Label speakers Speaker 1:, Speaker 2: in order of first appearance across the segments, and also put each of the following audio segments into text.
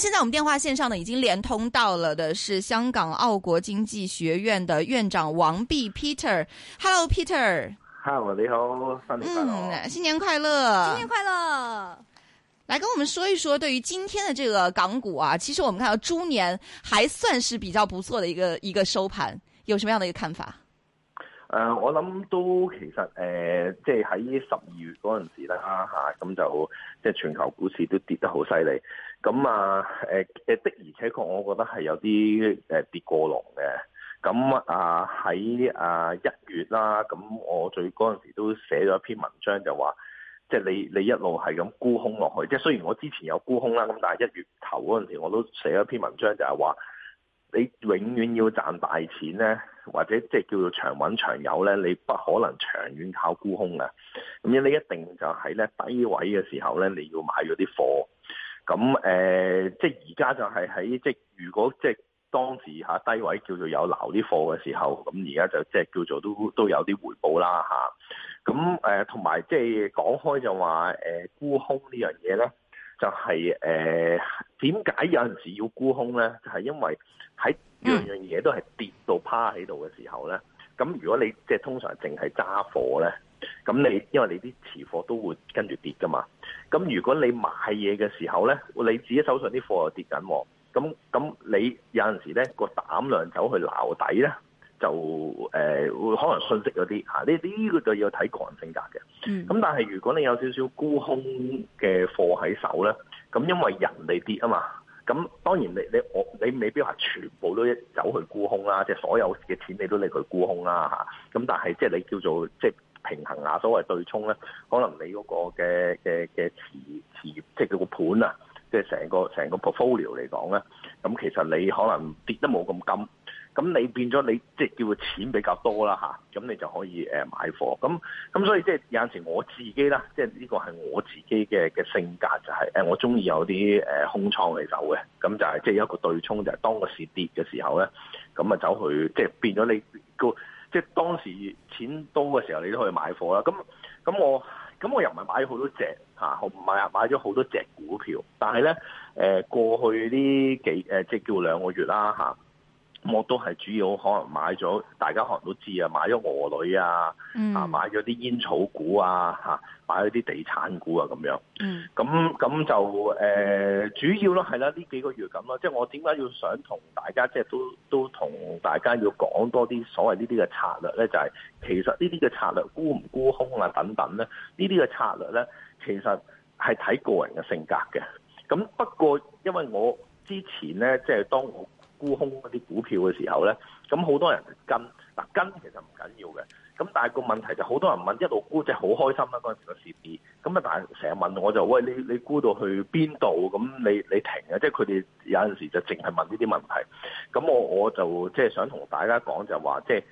Speaker 1: 現在我們電話線上呢，已經連通到了的是香港澳國經濟學院的院長王弼 Peter。Hello，Peter。
Speaker 2: Hello，你好，新年快樂，嗯。
Speaker 1: 新年快樂。新年快樂。來跟我們說一說，對於今天的這個港股啊，其實我們看到豬年還算是比較不錯的一個一個收盤，有什麼樣的一個看法？
Speaker 2: 呃，我諗都其實，誒、呃，即係喺十二月嗰陣時啦，吓、啊，咁、啊、就即係全球股市都跌得好犀利。咁啊，的而且確，我覺得係有啲誒跌過龍嘅。咁啊喺啊一月啦，咁我最嗰陣時都寫咗一篇文章就，就話即係你你一路係咁沽空落去。即係雖然我之前有沽空啦，咁但係一月頭嗰陣時我都寫咗一篇文章就，就係話你永遠要賺大錢咧，或者即係叫做長穩長有咧，你不可能長遠靠沽空嘅。咁樣你一定就喺咧低位嘅時候咧，你要買咗啲貨。咁誒、呃，即係而家就係喺即係，如果即係當時下低位叫做有撈啲貨嘅時候，咁而家就即係叫做都都有啲回報啦吓。咁同埋即係講開就話誒、呃沽，就是呃、沽空呢樣嘢咧，就係誒點解有陣時要沽空咧？就係因為喺樣樣嘢都係跌到趴喺度嘅時候咧，咁如果你即係通常淨係揸貨咧，咁你因為你啲持貨都會跟住跌㗎嘛。咁如果你買嘢嘅時候咧，你自己手上啲貨又跌緊，咁咁你有陣時咧個膽量走去撈底咧，就誒會可能遜色咗啲吓，呢呢個就要睇個人性格嘅。咁但係如果你有少少沽空嘅貨喺手咧，咁因為人哋跌啊嘛，咁當然你你我你未必話全部都一走去沽空啦，即係所有嘅錢你都嚟佢沽空啦吓，咁但係即係你叫做即係。就是平衡啊，所謂對沖咧，可能你嗰個嘅嘅嘅持持，即係佢個盤啊，即係成個成個 portfolio 嚟講咧，咁其實你可能跌得冇咁金，咁你變咗你即係叫做錢比較多啦吓，咁你就可以誒買貨，咁咁所以即係有陣時我自己啦，即係呢個係我自己嘅嘅性格就係誒，我中意有啲誒空倉嚟走嘅，咁就係、是、即係一個對沖，就係、是、當個市跌嘅時候咧，咁啊走去即係變咗你即係當時錢多嘅時候，你都可以買貨啦。咁咁我咁我又唔係買咗好多隻嚇，我唔係啊買咗好多隻股票。但係咧誒，過去呢幾誒，即係叫兩個月啦、嚇我都係主要可能買咗，大家可能都知啊，mm. 買咗鵝女啊，啊買咗啲煙草股啊，嚇買咗啲地產股啊咁樣。嗯、mm.，咁咁就誒、呃、主要咯，係啦，呢幾個月咁咯。即、就、係、是、我點解要想同大家即係、就是、都都同大家要講多啲所謂呢啲嘅策略咧？就係、是、其實呢啲嘅策略沽唔沽空啊等等咧，呢啲嘅策略咧，其實係睇個人嘅性格嘅。咁不過因為我之前咧，即、就、係、是、當我，沽空嗰啲股票嘅時候咧，咁好多人就跟，嗱跟其實唔緊要嘅，咁但係個問題就好多人問，一路沽即係好開心啦嗰陣時個市跌，咁啊但係成日問我就喂你你沽到去邊度？咁你你停啊？即係佢哋有陣時就淨係問呢啲問題。咁我我就即係想同大家講就話即係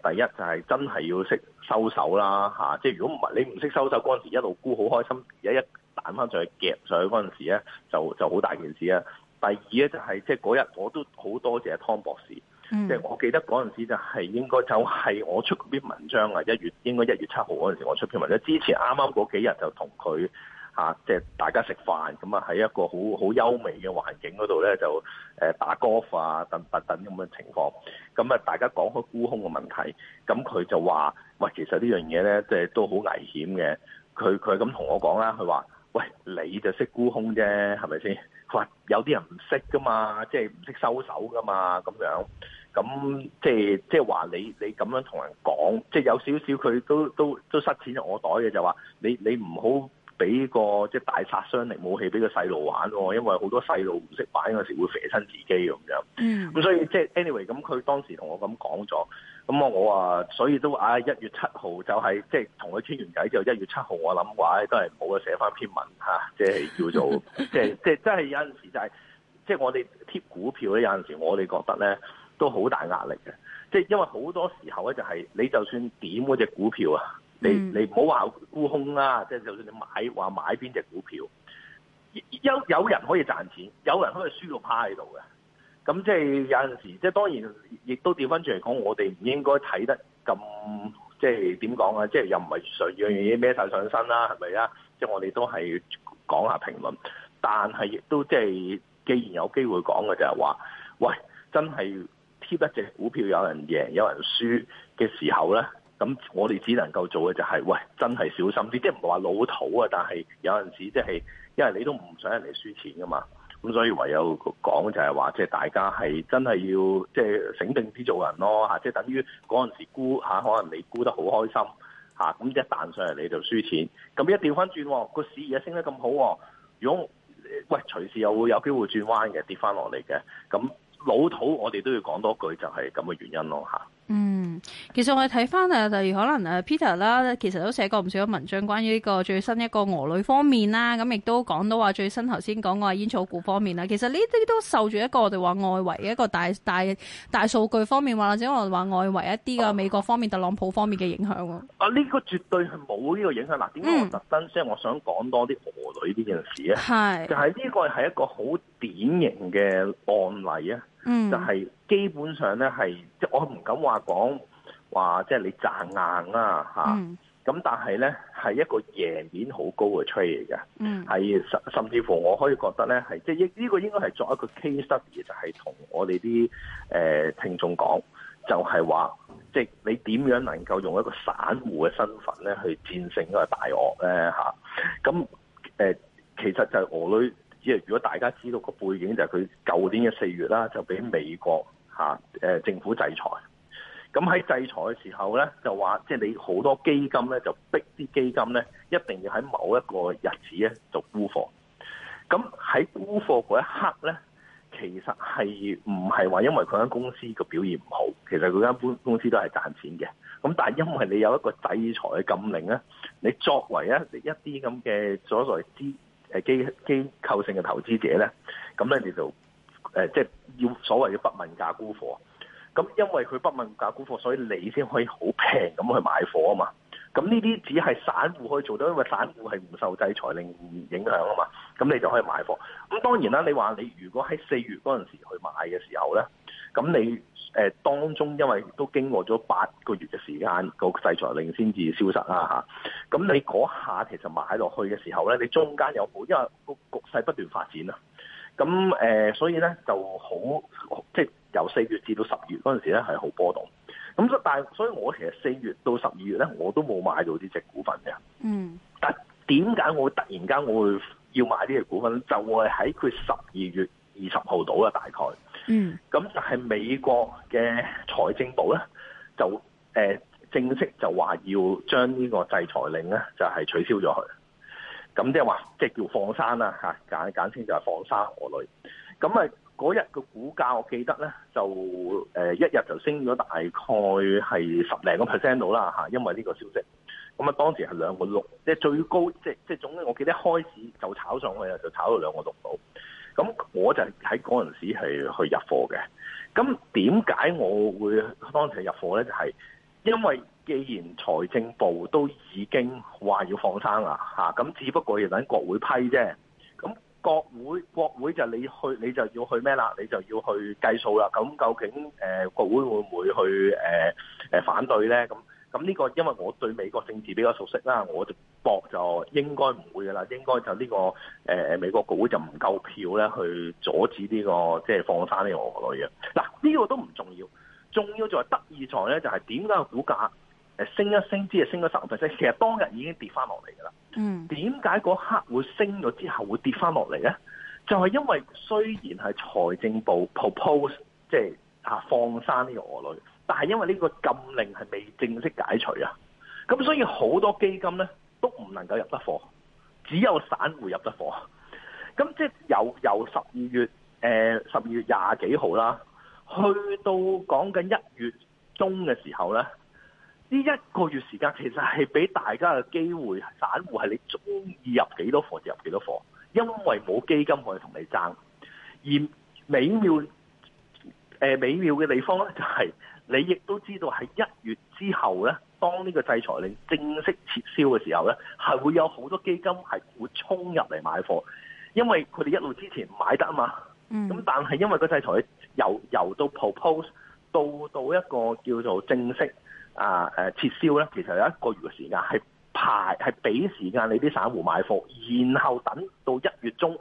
Speaker 2: 誒第一就係真係要識收手啦嚇即係如果唔係你唔識收手嗰陣時一路沽好開心，而家一彈翻上去夾上去嗰陣時咧，就就好大件事啊！第二咧就係即係嗰日我都好多謝湯博士，
Speaker 3: 即、嗯係、我記
Speaker 2: 得嗰陣時就係應該就係我出嗰篇文章啊，一月應該一月七號嗰陣時我出篇文章。之前啱啱嗰幾日就同佢即係大家食飯，咁啊喺一個好好優美嘅環境嗰度咧就誒打 golf 啊等等咁嘅情況，咁啊大家講開沽空嘅問題，咁佢就話喂其實呢樣嘢咧即係都好危險嘅，佢佢咁同我講啦，佢話喂你就識沽空啫，係咪先？有啲人唔識噶嘛，即係唔識收手噶嘛，咁樣咁即係即係話你你咁樣同人講，即、就、係、是、有少少佢都都都塞錢入我袋嘅，就話、是、你你唔好俾個即係、就是、大殺傷力武器俾個細路玩喎，哦，因為好多細路唔識玩嗰時會射親自己咁樣。嗯，咁所以即係 anyway，咁佢當時同我咁講咗。咁我我啊，所以都話一月七號就係即係同佢傾完偈之後，一月七號我諗話都係冇嘅，寫翻篇文即係、啊就是、叫做即係即係真係有陣時就係即係我哋貼股票咧，有陣時我哋覺得咧都好大壓力嘅，即、就、係、是、因為好多時候咧就係、是、你就算點嗰隻股票啊，
Speaker 3: 你你
Speaker 2: 唔好話沽空啦，即係就算你買話買邊隻股票，有有人可以賺錢，有人可以輸到趴喺度嘅。咁即係有陣時，即係當然，亦都調翻轉嚟講，我哋唔應該睇得咁即係點講啊！即係又唔係想樣樣嘢孭晒上身啦，係咪啊？即係我哋都係講下評論，但係亦都即係既然有機會講嘅就係話，喂，真係貼一隻股票有人贏有人輸嘅時候咧，咁我哋只能夠做嘅就係，喂，真係小心啲，即係唔話老土啊，但係有陣時即係因為你都唔想人哋輸錢噶嘛。咁所以唯有講就係話，即係大家係真係要即係醒定啲做人咯嚇，即係等於嗰陣時沽嚇，可能你沽得好開心嚇，咁一彈上嚟你就輸錢，咁一調翻轉個市而家升得咁好，如果喂隨時又會有機會轉彎嘅，跌翻落嚟嘅，咁老土我哋都要講多句，就係咁嘅原因咯嚇。
Speaker 4: 嗯，其實我哋睇翻誒，例如可能誒 Peter 啦，其實都寫過唔少嘅文章關於呢個最新一個俄女方面啦，咁亦都講到話最新頭先講過話煙草股方面啦，其實呢啲都受住一個我哋話外圍嘅一個大大大數據方面話，或者我哋話外圍一啲嘅美國方面、啊、特朗普方面嘅影響。啊，呢、
Speaker 2: 這個絕對係冇呢個影響。嗱、啊，點解我特登先？嗯就是、我想講多啲俄女呢件事咧。係。就係、是、呢個係一個好典型嘅案例啊，就係基本上咧，係即係我唔敢話講話，即係你賺硬啦、啊、咁、嗯、但係咧，係一個贏面好高嘅 trade 嚟嘅，係甚甚至乎我可以覺得咧，係即係呢個應該係作一個 case study，就係同我哋啲誒聽眾講，就係話即係你點樣能夠用一個散戶嘅身份咧去戰勝一個大鱷咧，咁其實就係我女。即係如果大家知道個背景就係佢舊年嘅四月啦，就俾美國嚇誒政府制裁。咁喺制裁嘅時候咧，就話即係你好多基金咧，就逼啲基金咧，一定要喺某一個日子咧就沽貨。咁喺沽貨嗰一刻咧，其實係唔係話因為佢間公司嘅表現唔好，其實佢間公公司都係賺錢嘅。咁但係因為你有一個制裁嘅禁令咧，你作為一一啲咁嘅所謂資係基機構性嘅投資者咧，咁咧你就誒，即、呃、係、就是、要所謂嘅不問價沽貨。咁因為佢不問價沽貨，所以你先可以好平咁去買貨啊嘛。咁呢啲只係散戶可以做到，因為散戶係唔受制裁令影響啊嘛。咁你就可以買貨。
Speaker 3: 咁當然啦，
Speaker 2: 你話你如果喺四月嗰陣時去買嘅時候咧，咁你。誒當中因為都經過咗八個月嘅時間，個制裁令先至消失啦吓。咁你嗰下其實買落去嘅時候咧，你中間有冇因為個局勢不斷發展啦。咁誒，所以咧就好，即係由四月至到十月嗰陣時咧係好波動。咁但係，所以我其實四月到十二月咧，我都冇買到啲隻股份嘅。嗯。但點解我突然間我會要買呢隻股份呢？就會喺佢十二月二十號到啦，大概。嗯，咁就係美國嘅財政部咧，就誒正式就話要將呢個制裁令咧，就係取消咗佢。咁即係話，即係叫放生啦嚇，簡簡稱就係放生俄鋁。咁啊，嗰日個股價，我記得咧，就誒一日就升咗大概係十零個 percent 到啦嚇，因為呢個消息。咁啊，當時係兩個六，即係最高，即係即係總之，我記得開始就炒上去啊，就炒到兩個六度。咁我就喺嗰陣時係去入貨嘅。咁點解我會當時入貨咧？就係、是、因為既然財政部都已經話要放生啦，嚇咁，只不過要等國會批啫。咁國會國會就你去，你就要去咩啦？你就要去計數啦。咁究竟誒、呃、國會會唔會去誒、呃、反對咧？咁咁呢個因為我對美國政治比較熟悉啦，我就。博就應該唔會嘅啦，應該就呢、這個誒、呃、美國國會，就唔夠票咧，去阻止呢、這個即係放生呢個鵝女嘅嗱。呢、啊這個都唔重要，重要在得意在咧就係點解個股價誒升一升之後升咗十零 percent，其實當日已經跌翻落嚟㗎啦。嗯，點解嗰刻會升咗之後會跌翻落嚟咧？就係、是、因為雖然係財政部 propose 即係啊放生呢個鵝女，但係因為呢個禁令係未正式解除啊，
Speaker 4: 咁所以好
Speaker 2: 多基金咧。都唔能夠入得貨，只有散戶入得貨。咁即係由由十二月，誒十二月廿幾號啦，去到講緊一月中嘅時候呢，呢一個月時間其實係俾大家嘅機會，散戶係你中意入幾多貨就入幾多貨，因為冇基金可以同你爭。而美妙、呃、美妙嘅地方呢，就係、是、你亦都知道喺一月之後呢。當呢個制裁令正式撤銷嘅時候呢，係會有好多基金係會衝入嚟買貨，因為佢哋一路之前唔買得啊嘛。
Speaker 3: 咁、嗯、但
Speaker 2: 係因為個制裁由由到 propose 到到一個叫做正式啊，啊撤銷呢，其實有一個月嘅時間係排係俾時間你啲散戶買貨，然後等到一月中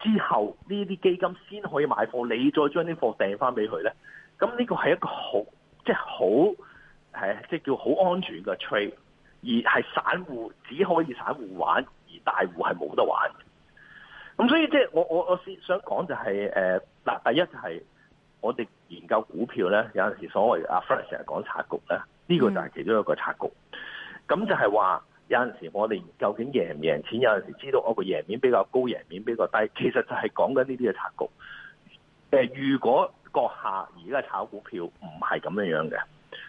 Speaker 2: 之後呢啲基金先可以買貨，你再將啲貨訂翻俾佢呢，咁呢個係一個好，即係好。即係係，即叫好安全嘅 trade，而係散戶只可以散戶玩，而大戶係冇得玩。咁所以即係我我我先想講就係誒嗱，第一就係我哋研究股票咧，有陣時所謂阿、mm. 啊、Frank 成日講拆局咧，呢、這個就係其中一個拆局。咁就係話有陣時我哋究竟贏唔贏錢，有陣時知道嗰個贏面比較高，贏面比較低，其實就係講緊呢啲嘅拆局。誒、呃，如果閣下而家炒股票唔係咁樣樣嘅？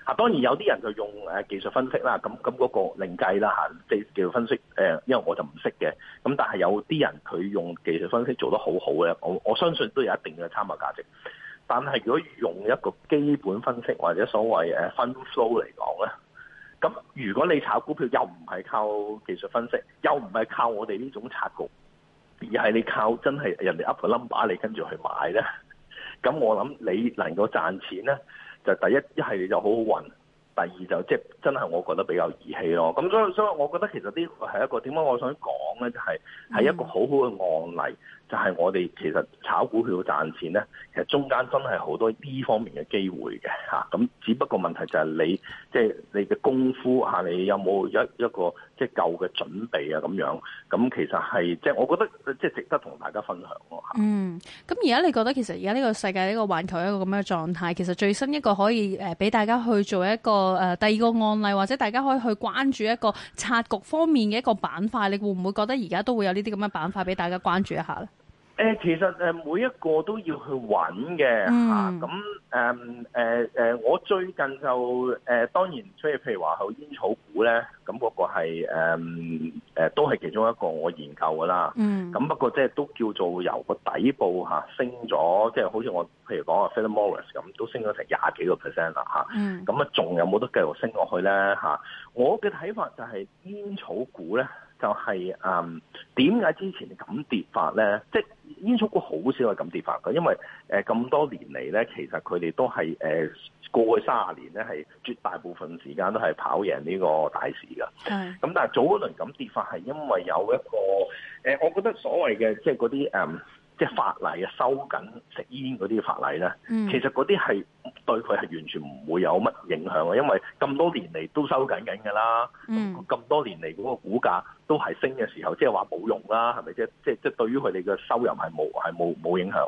Speaker 2: 啊，當然有啲人就用誒技術分析啦，咁咁嗰個另計啦嚇。技技術分析誒，因為我就唔識嘅，咁但係有啲人佢用技術分析做得好好嘅，我我相信都有一定嘅參考價值。但係如果用一個基本分析或者所謂誒 fund flow 嚟講咧，咁如果你炒股票又唔係靠技術分析，又唔係靠我哋呢種策略，而係你靠真係人哋 up 個 number 你跟住去買咧，咁我諗你能夠賺錢咧？就第一一係就好好運，第二就即係、就是、真係我覺得比較兒戲咯。咁所以所以，所以我覺得其實呢個係一個點解我想講。咧係係一個好好嘅案例，就係、是、我哋其實炒股票賺錢咧，其實中間真係好多呢方面嘅機會嘅吓，咁只不過問題就係你即係、就是、你嘅功夫吓，你有冇一一個即係夠嘅準備啊咁樣？咁其實係即係我覺得即係值得同大家分享。嗯，
Speaker 4: 咁而家你覺得其實而家呢個世界呢、這個環球一個咁樣嘅狀態，其實最新一個可以誒俾、呃、大家去做一個誒、呃、第二個案例，或者大家可以去關注一個拆局方面嘅一個板塊，你會唔會覺得？而家都會有呢啲咁嘅板塊俾大家關注一下。誒，
Speaker 2: 其實誒每一個都要去揾嘅嚇，咁誒誒誒，我最近就誒當然即係譬如話喺煙草股咧，咁、那、嗰個係誒、嗯呃、都係其中一個我研究嘅啦。咁、嗯、不過即係都叫做由個底部嚇、啊、升咗，即、就、係、是、好似我譬如講、嗯、啊，Philip Morris 咁，都升咗成廿幾個 percent 啦嚇。咁、嗯、啊，仲有冇得繼續升落去咧嚇、啊？我嘅睇法就係煙草股咧。就係誒點解之前咁跌法咧？即係煙草股好少係咁跌法嘅，因為誒咁、呃、多年嚟咧，其實佢哋都係誒、呃、過去三十年咧，係絕大部分時間都係跑贏呢個大市嘅。咁、嗯、但係早一輪咁跌法係因為有一個誒、呃，我覺得所謂嘅即係嗰啲誒。就是那些嗯即係法例啊，收緊食煙嗰啲法例咧，嗯、其實嗰啲係對佢係完全唔會有乜影響啊，因為咁多年嚟都收緊緊㗎啦，咁、嗯、多年嚟嗰個股價都係升嘅時候，即係話冇用啦，係咪啫？即係即係對於佢哋嘅收入係冇係冇冇影響。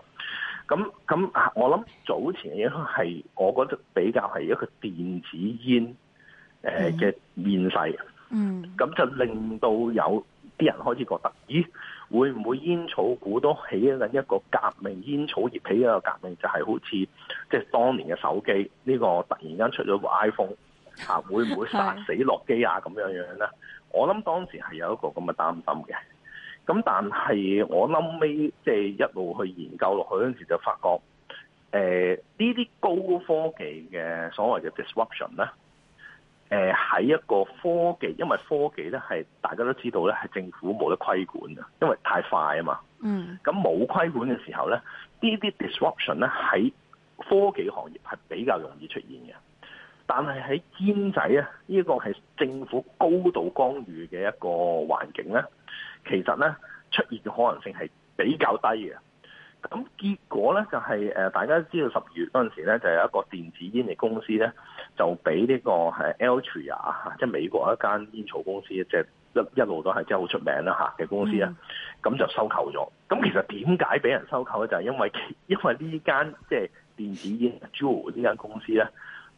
Speaker 2: 咁咁我諗早前嘅影響係我覺得比較係一個電子煙誒嘅面世，嗯、嗯，咁就令到有啲人開始覺得，咦？會唔會煙草股都起緊一個革命？煙草業起一個革命就是，就係好似即係當年嘅手機呢、呢個突然間出咗個 iPhone，嚇、啊、會唔會殺死諾基亞咁樣樣咧？ 我諗當時係有一個咁嘅擔心嘅。咁但係我諗尾即係一路去研究落去嗰陣時，就發覺誒呢啲高科技嘅所謂嘅 disruption 咧。誒，喺一個科技，因為科技咧係大家都知道咧，係政府冇得規管啊，因為太快啊嘛。嗯。咁冇規管嘅時候咧，呢啲 disruption 咧喺科技行業係比較容易出現嘅。但係喺尖仔呢，呢、這個係政府高度干預嘅一個環境咧，其實咧出現嘅可能性係比較低嘅。咁結果咧就係大家知道十二月嗰陣時咧，就有一個電子煙嘅公司咧，就俾呢個係 Altria，即係美國一間煙草公司，即係一一路都係即係好出名啦嘅公司啊，咁就收購咗。咁其實點解俾人收購咧？就係、是、因為因為呢間即係電子煙 Jewel 呢間公司咧，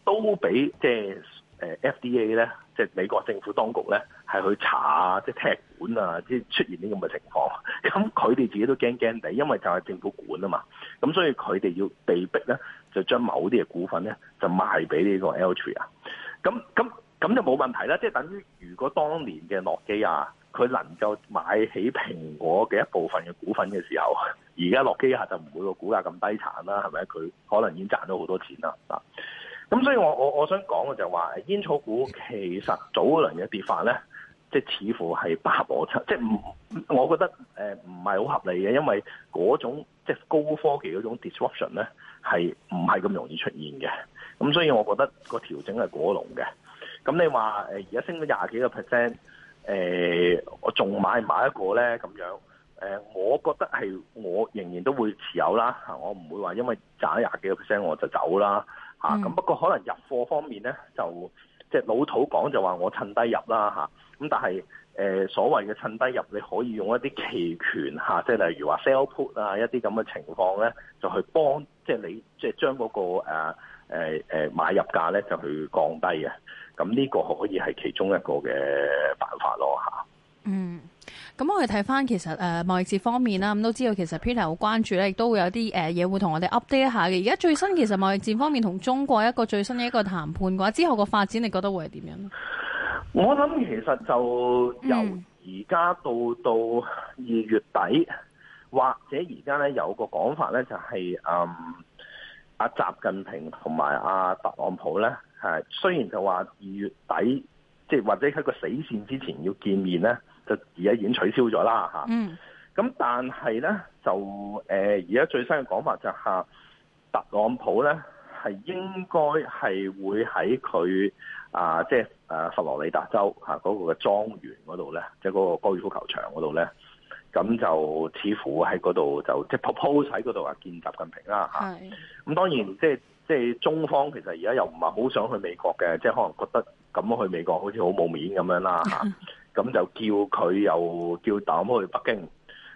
Speaker 2: 都俾即係。就是誒 F D A 咧，即係美國政府當局咧，係去查即係踢管啊，即係出現呢咁嘅情況。咁佢哋自己都驚驚地，因為就係政府管啊嘛。咁所以佢哋要被逼咧，就將某啲嘅股份咧，就賣俾呢個 Altria。咁咁咁就冇問題啦。即係等於如果當年嘅諾基亞佢能夠買起蘋果嘅一部分嘅股份嘅時候，而家諾基亞就唔會個股價咁低殘啦，係咪？佢可能已經賺咗好多錢啦啊！咁所以我我我想講嘅就係話煙草股其實早嗰輪嘅跌法咧，即係似乎係不合邏輯，即唔我覺得誒唔係好合理嘅，因為嗰種即高科技嗰種 disruption 咧係唔係咁容易出現嘅。咁所以我覺得個調整係果龍嘅。咁你話誒而家升咗廿幾個 percent，我仲買買一個咧咁樣，誒、呃、我覺得係我仍然都會持有啦。我唔會話因為賺咗廿幾個 percent 我就走啦。咁、mm. 不過可能入貨方面咧，就即係老土講就話我趁低入啦嚇。咁但係誒所謂嘅趁低入，你可以用一啲期權嚇，即係例如話 sell put 啊一啲咁嘅情況咧，就去幫即係你即係將嗰個誒誒誒買入價咧就去降低嘅。咁呢個可以係其中一個嘅辦法咯嚇。嗯。
Speaker 4: 咁我哋睇翻其實誒貿易戰方面啦，咁都知道其實 Peter 好關注咧，亦都會有啲誒嘢會同我哋 update 一下嘅。而家最新其實貿易戰方面同中國一個最新嘅一個談判嘅話，之後個發展你覺得會係點樣？
Speaker 2: 我諗其實就由而家到到二月底，嗯，或者而家咧有個講法咧就係誒阿習近平同埋阿特朗普咧，係雖然就話二月底即係或者喺個死線之前要見面咧。就而家已經取消咗啦，咁、嗯、但係咧，就而家、呃、最新嘅講法就係、是、特朗普咧係應該係會喺佢啊，即係佛羅里達州嗰、啊嗰個嘅莊園嗰度咧，即係嗰個高爾夫球場嗰度咧，咁就似乎喺嗰度就即係 propose 喺嗰度啊見習近平啦
Speaker 3: 咁、
Speaker 2: 啊、當然即係即中方其實而家又唔係好想去美國嘅，即、就、係、是、可能覺得咁去美國好似好冇面咁樣啦。咁就叫佢又叫黨去北京，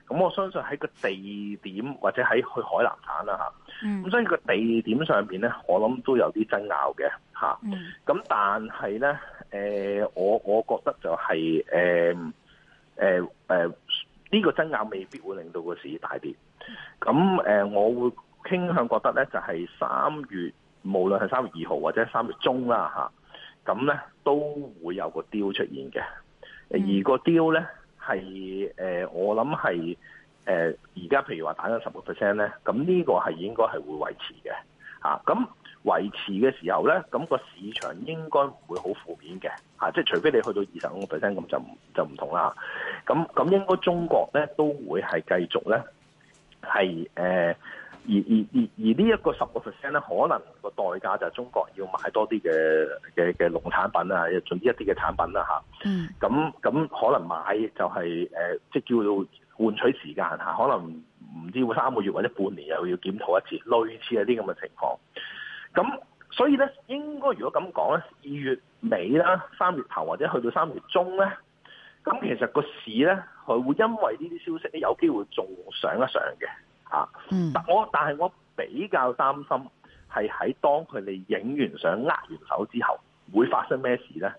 Speaker 2: 咁我相信喺個地點或者喺去海南省啦，
Speaker 3: 咁所以
Speaker 2: 個地點上面咧、啊呃，我諗都有啲爭拗嘅，咁但係咧，我我覺得就係誒呢個爭拗未必會令到個市大跌。咁我會傾向覺得咧，就係三月無論係三月二號或者三月中啦咁咧都會有個 deal 出現嘅。嗯、而個 deal 咧係誒，我諗係誒，而、呃、家譬如話打緊十個 percent 咧，咁呢個係應該係會維持嘅嚇。咁、啊、維持嘅時候咧，咁、嗰個市場應該唔會好負面嘅嚇、啊。即係除非你去到二十五個 percent，咁就唔就唔同啦。咁、啊、咁應該中國咧都會係繼續咧係誒。係啊。而而而而呢一個十個 percent 咧，可能個代價就係中國要買多啲嘅嘅嘅農產品，做一啲嘅產品、mm. 啊，總之一啲嘅產品啦，
Speaker 3: 咁
Speaker 2: 咁可能買就係誒、即係叫做換取時間、啊、可能唔知會三個月或者半年又要檢討一次，類似一啲咁嘅情況。咁、啊、所以咧，應該如果咁講咧，二月尾啦，三月頭或者去到三月中咧，咁其實個市咧，佢會因為呢啲消息咧，有機會仲上一上嘅。啊、嗯！但我但係我比較擔心係喺當佢哋影完相、握完手之後會發生咩事咧？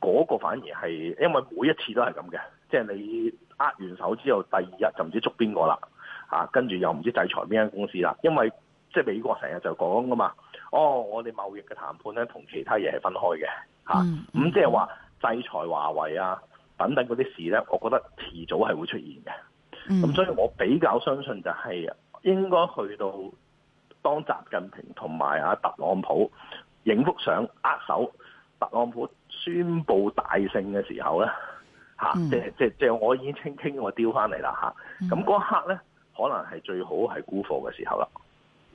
Speaker 2: 嗰個反而係因為每一次都係咁嘅，即係你握完手之後，第二日就唔知捉邊個啦。啊，跟住又唔知制裁邊間公司啦。因為即係美國成日就講噶嘛，哦，我哋貿易嘅談判咧同其他嘢係分開嘅。
Speaker 3: 嚇、啊，咁
Speaker 2: 即係話制裁華為啊等等嗰啲事咧，我覺得遲早係會出現嘅。咁、嗯、所以我比較相信就係應該去到當習近平同埋阿特朗普影幅相握手，特朗普宣布大勝嘅時候咧，嚇、嗯嗯，即係即係即係我已經清清我丟翻嚟啦，咁嗰刻咧可能係最好係沽貨嘅時候啦。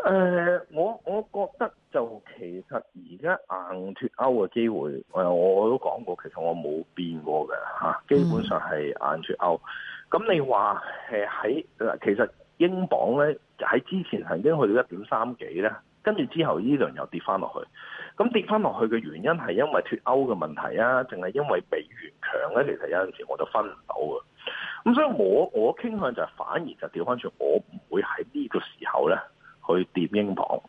Speaker 2: 誒、呃，我我覺得就其實而家硬脱歐嘅機會，誒，我都講過，其實我冇變過嘅嚇，基本上係硬脱歐。咁、嗯、你話誒喺其實英鎊咧喺之前曾經去到一點三幾咧，跟住之後呢輪又跌翻落去。咁跌翻落去嘅原因係因為脱歐嘅問題啊，定係因為美元強咧？其實有陣時我就分唔到嘅。咁所以我我傾向就反而就調翻轉，我唔會喺呢個時候咧，去跌英鎊，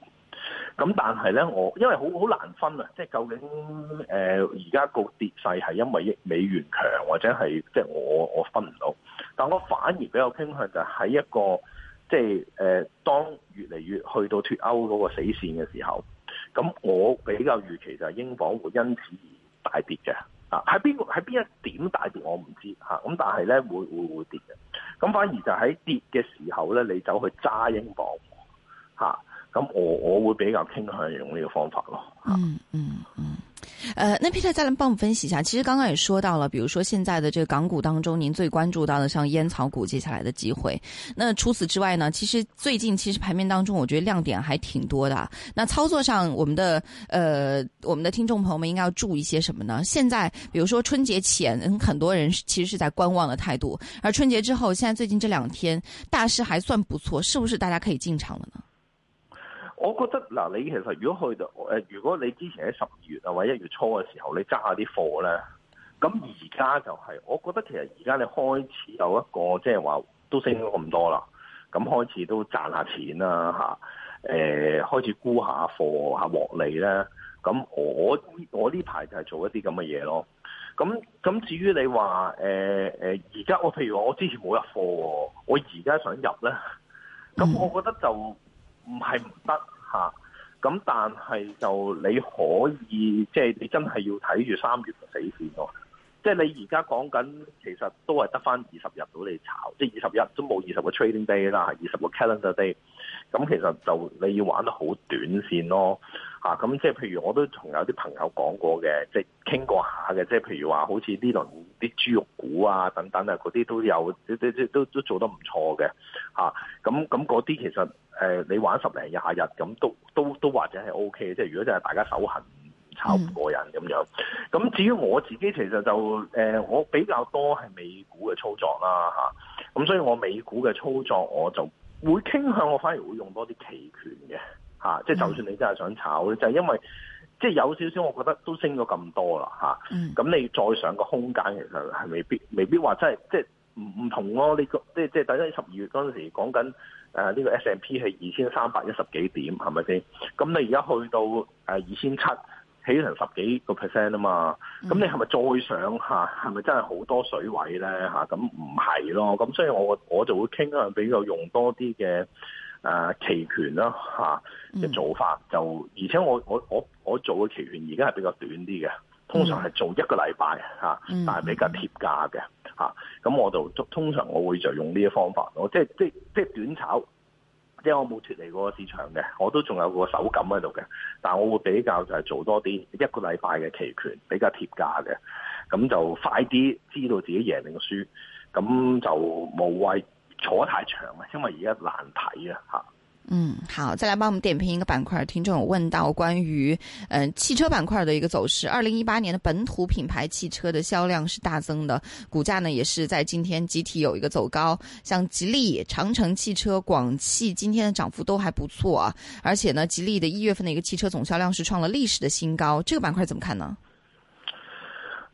Speaker 2: 咁但係咧，我因為好好難分啊，即係究竟誒而家個跌勢係因為英美元強或者係即係我我分唔到，但我反而比較傾向就喺一個即係誒、呃、當越嚟越去到脫歐嗰個死綫嘅時候，咁我比較預期就係英鎊會因此而大跌嘅，啊喺邊個喺邊一點大跌我唔知吓，咁但係咧會會會跌嘅，咁反而就喺跌嘅時候咧，你走去揸英鎊。啊，咁我我會比較傾向於用呢個方法咯、
Speaker 1: 啊。嗯嗯嗯，呃，那 Peter 再來幫我們分析一下，其實剛剛也說到了，比如說現在的這個港股當中，您最關注到的，像煙草股接下來的機會。那除此之外呢，其實最近其實盤面當中，我覺得亮點還挺多的。那操作上，我們的，呃，我們的聽眾朋友們應該要注意些什麼呢？現在，比如說春節前，很多人其實是在觀望的態度，而春節之後，現在最近這兩天，大市還算不錯，是不是大家可以進場了呢？
Speaker 2: 我覺得嗱、啊，你其實如果去到誒、呃，如果你之前喺十二月啊或者一月初嘅時候，你揸下啲貨咧，咁而家就係、是、我覺得其實而家你開始有一個即係話都升咗咁多啦，咁開始都賺一下錢啦、啊、嚇，誒、啊啊、開始沽下貨下、啊、獲利咧，咁我我呢排就係做一啲咁嘅嘢咯。咁咁至於你話誒誒，而、呃、家我譬如話我之前冇入貨，我而家想入咧，咁我覺得就。嗯唔係唔得吓，咁但係就你可以，即係你真係要睇住三月嘅死線咯。即係你而家講緊，其實都係得翻二十日到你炒，即係二十日都冇二十個 trading day 啦，二十個 calendar day。咁其實就你要玩得好短線咯，咁即係譬如我都同有啲朋友講過嘅，即係傾過下嘅，即係譬如話好似呢輪啲豬肉股啊等等啊嗰啲都有，啲都都做得唔錯嘅，咁咁嗰啲其實。誒、呃，你玩十零日、廿日咁，都都都或者係 O K 嘅，即係如果真係大家手痕炒唔過人咁樣。咁、嗯、至於我自己，其實就誒、呃，我比較多係美股嘅操作啦，嚇、啊。咁所以我美股嘅操作，我就會傾向我反而會用多啲期權嘅，即係就算你真係想炒，嗯、就係、是、因為即係、就是、有少少，我覺得都升咗咁多啦嚇。咁、啊嗯、你再上個空間，其實係未必未必話真係即係。就是唔唔同咯，呢個即係即係，等於十二月嗰陣時講緊誒呢個 S M P 係二千三百一十幾點，係咪先？咁你而家去到誒二千七，呃、2, 7, 起成十幾個 percent 啊嘛？咁你係咪再上嚇？係咪真係好多水位咧嚇？咁唔係咯，咁所以我我就會傾向比較用多啲嘅誒期權啦嚇嘅、啊、做法就，就而且我我我我做嘅期權而家係比較短啲嘅。通常係做一個禮拜嚇，但係比較貼價嘅嚇。咁、嗯、我就通常我會就用呢啲方法，我即係即係即係短炒，即係我冇脫離嗰個市場嘅，我都仲有個手感喺度嘅。但係我會比較就係做多啲一個禮拜嘅期權，比較貼價嘅，咁就快啲知道自己贏定輸，咁就無謂坐太長啊，因為而家難
Speaker 1: 睇啊嚇。嗯，好，再來幫我們點評一個板塊。聽眾有問到關於嗯、呃、汽車板塊的一個走勢，二零一八年的本土品牌汽車的銷量是大增的，股價呢也是在今天集體有一個走高。像吉利、長城汽車、廣汽今天的漲幅都還不錯啊。而且呢，吉利的一月份的一個汽車總銷量是創了歷史的新高。這個板塊怎麼看呢？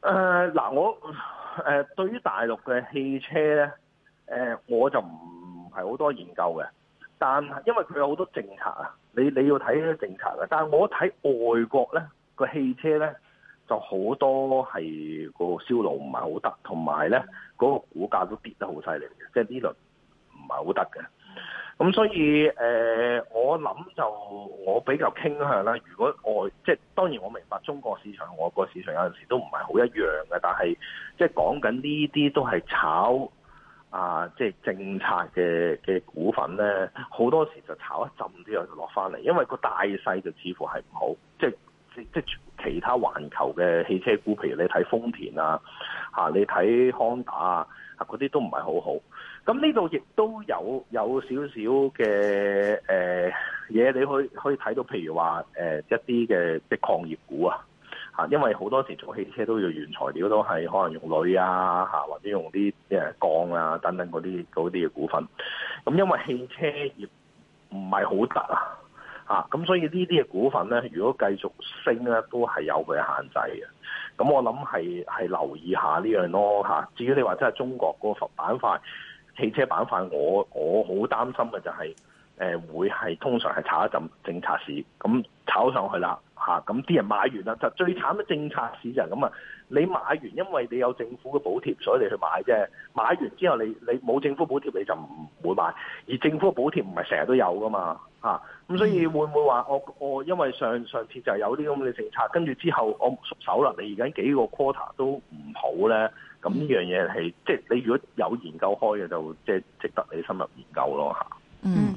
Speaker 1: 呃，
Speaker 2: 那我呃對於大陸的汽車呢，呃，我就唔係好多研究嘅。但係因為佢有好多政策啊，你你要睇呢啲政策嘅。但係我睇外國咧個汽車咧就好多係個銷路唔係好得，同埋咧嗰個股價都跌得好犀利嘅，即係呢輪唔係好得嘅。咁所以誒、呃，我諗就我比較傾向啦。如果外即係當然我明白中國市場同外國市場有陣時都唔係好一樣嘅，但係即係講緊呢啲都係炒。啊，即係政策嘅嘅股份咧，好多時就炒一陣之後就落翻嚟，因為個大勢就似乎係唔好，即係即即其他環球嘅汽車股，譬如你睇豐田啊，嚇你睇 Honda 啊，嗰啲，啊啊、都唔係好好。咁呢度亦都有有少少嘅誒嘢，呃、你去可以睇到，譬如話誒、呃、一啲嘅即礦業股啊。啊，因為好多時做汽車都要原材料都，都係可能用鋁啊，嚇或者用啲即係鋼啊等等嗰啲啲嘅股份。咁因為汽車業唔係好得啊，嚇，咁所以呢啲嘅股份咧，如果繼續升咧，都係有佢嘅限制嘅。咁我諗係係留意下呢樣咯嚇。至於你話真係中國嗰個板塊，汽車板塊我，我我好擔心嘅就係。誒會係通常係炒一陣政策市，咁炒上去啦嚇，咁、啊、啲人買完啦就最慘嘅政策市就係咁啊！你買完，因為你有政府嘅補貼，所以你去買啫。買完之後你，你你冇政府補貼你就唔會買，而政府嘅補貼唔係成日都有噶嘛嚇。咁、啊、所以會唔會話我我因為上上次就有啲咁嘅政策，跟住之後我收手啦。你而家幾個 quarter 都唔好咧，咁呢樣嘢係即係你如果有研究開嘅，就即係值得你深入研究咯、啊、嗯。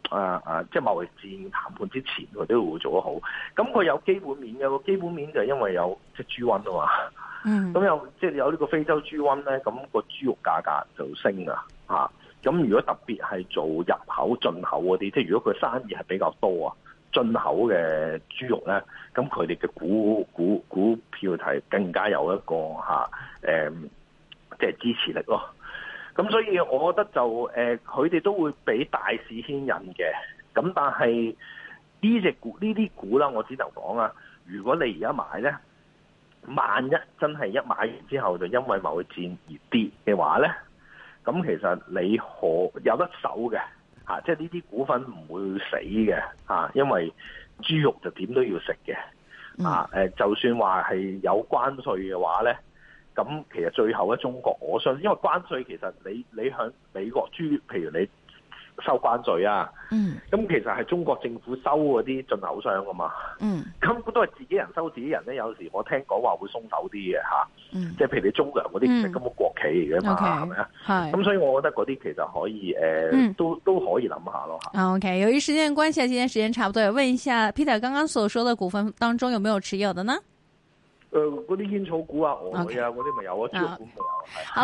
Speaker 2: 啊啊！即係貿易戰談判之前，佢都會做得好。咁佢有基本面嘅，個基本面就係因為有即係豬瘟啊嘛。嗯。咁有即係有呢個非洲豬瘟咧，咁個豬肉價格就升啊。嚇！咁如果特別係做入口、進口嗰啲，即係如果佢生意係比較多啊，進口嘅豬肉咧，咁佢哋嘅股股股票係更加有一個嚇誒，即係支持力咯。咁所以，我覺得就誒佢哋都會俾大市牽引嘅。咁但係呢隻股呢啲股啦，我只能講啦，如果你而家買咧，萬一真係一買完之後就因為某事而跌嘅話咧，咁其實你可有得守嘅吓，即係呢啲股份唔會死嘅吓、啊，因為豬肉就點都要食嘅啊。誒，就算話係有關稅嘅話咧。咁其實最後咧，中國，我相信，因為關稅其實你你向美國諸，譬如你收關稅啊，嗯，咁其實係中國政府收嗰啲進口商噶嘛，嗯，咁都係自己人收自己人咧，有時我聽講話會鬆手啲嘅吓，即、啊、係、嗯、譬如你中糧嗰啲咁嘅國企嚟嘅嘛，係咪啊？係，咁、嗯、所以我覺得嗰啲其實可以誒、呃嗯，都都可以諗下咯
Speaker 4: 吓。O、okay, K. 由於時間關係啊，今天時間差唔多，問一下 Peter 剛剛所說嘅股份當中有沒有持有的呢？
Speaker 3: 誒、呃，嗰啲煙草股啊、鵝類啊嗰啲咪有啊，豬肉股咪有。啊。Okay. Okay.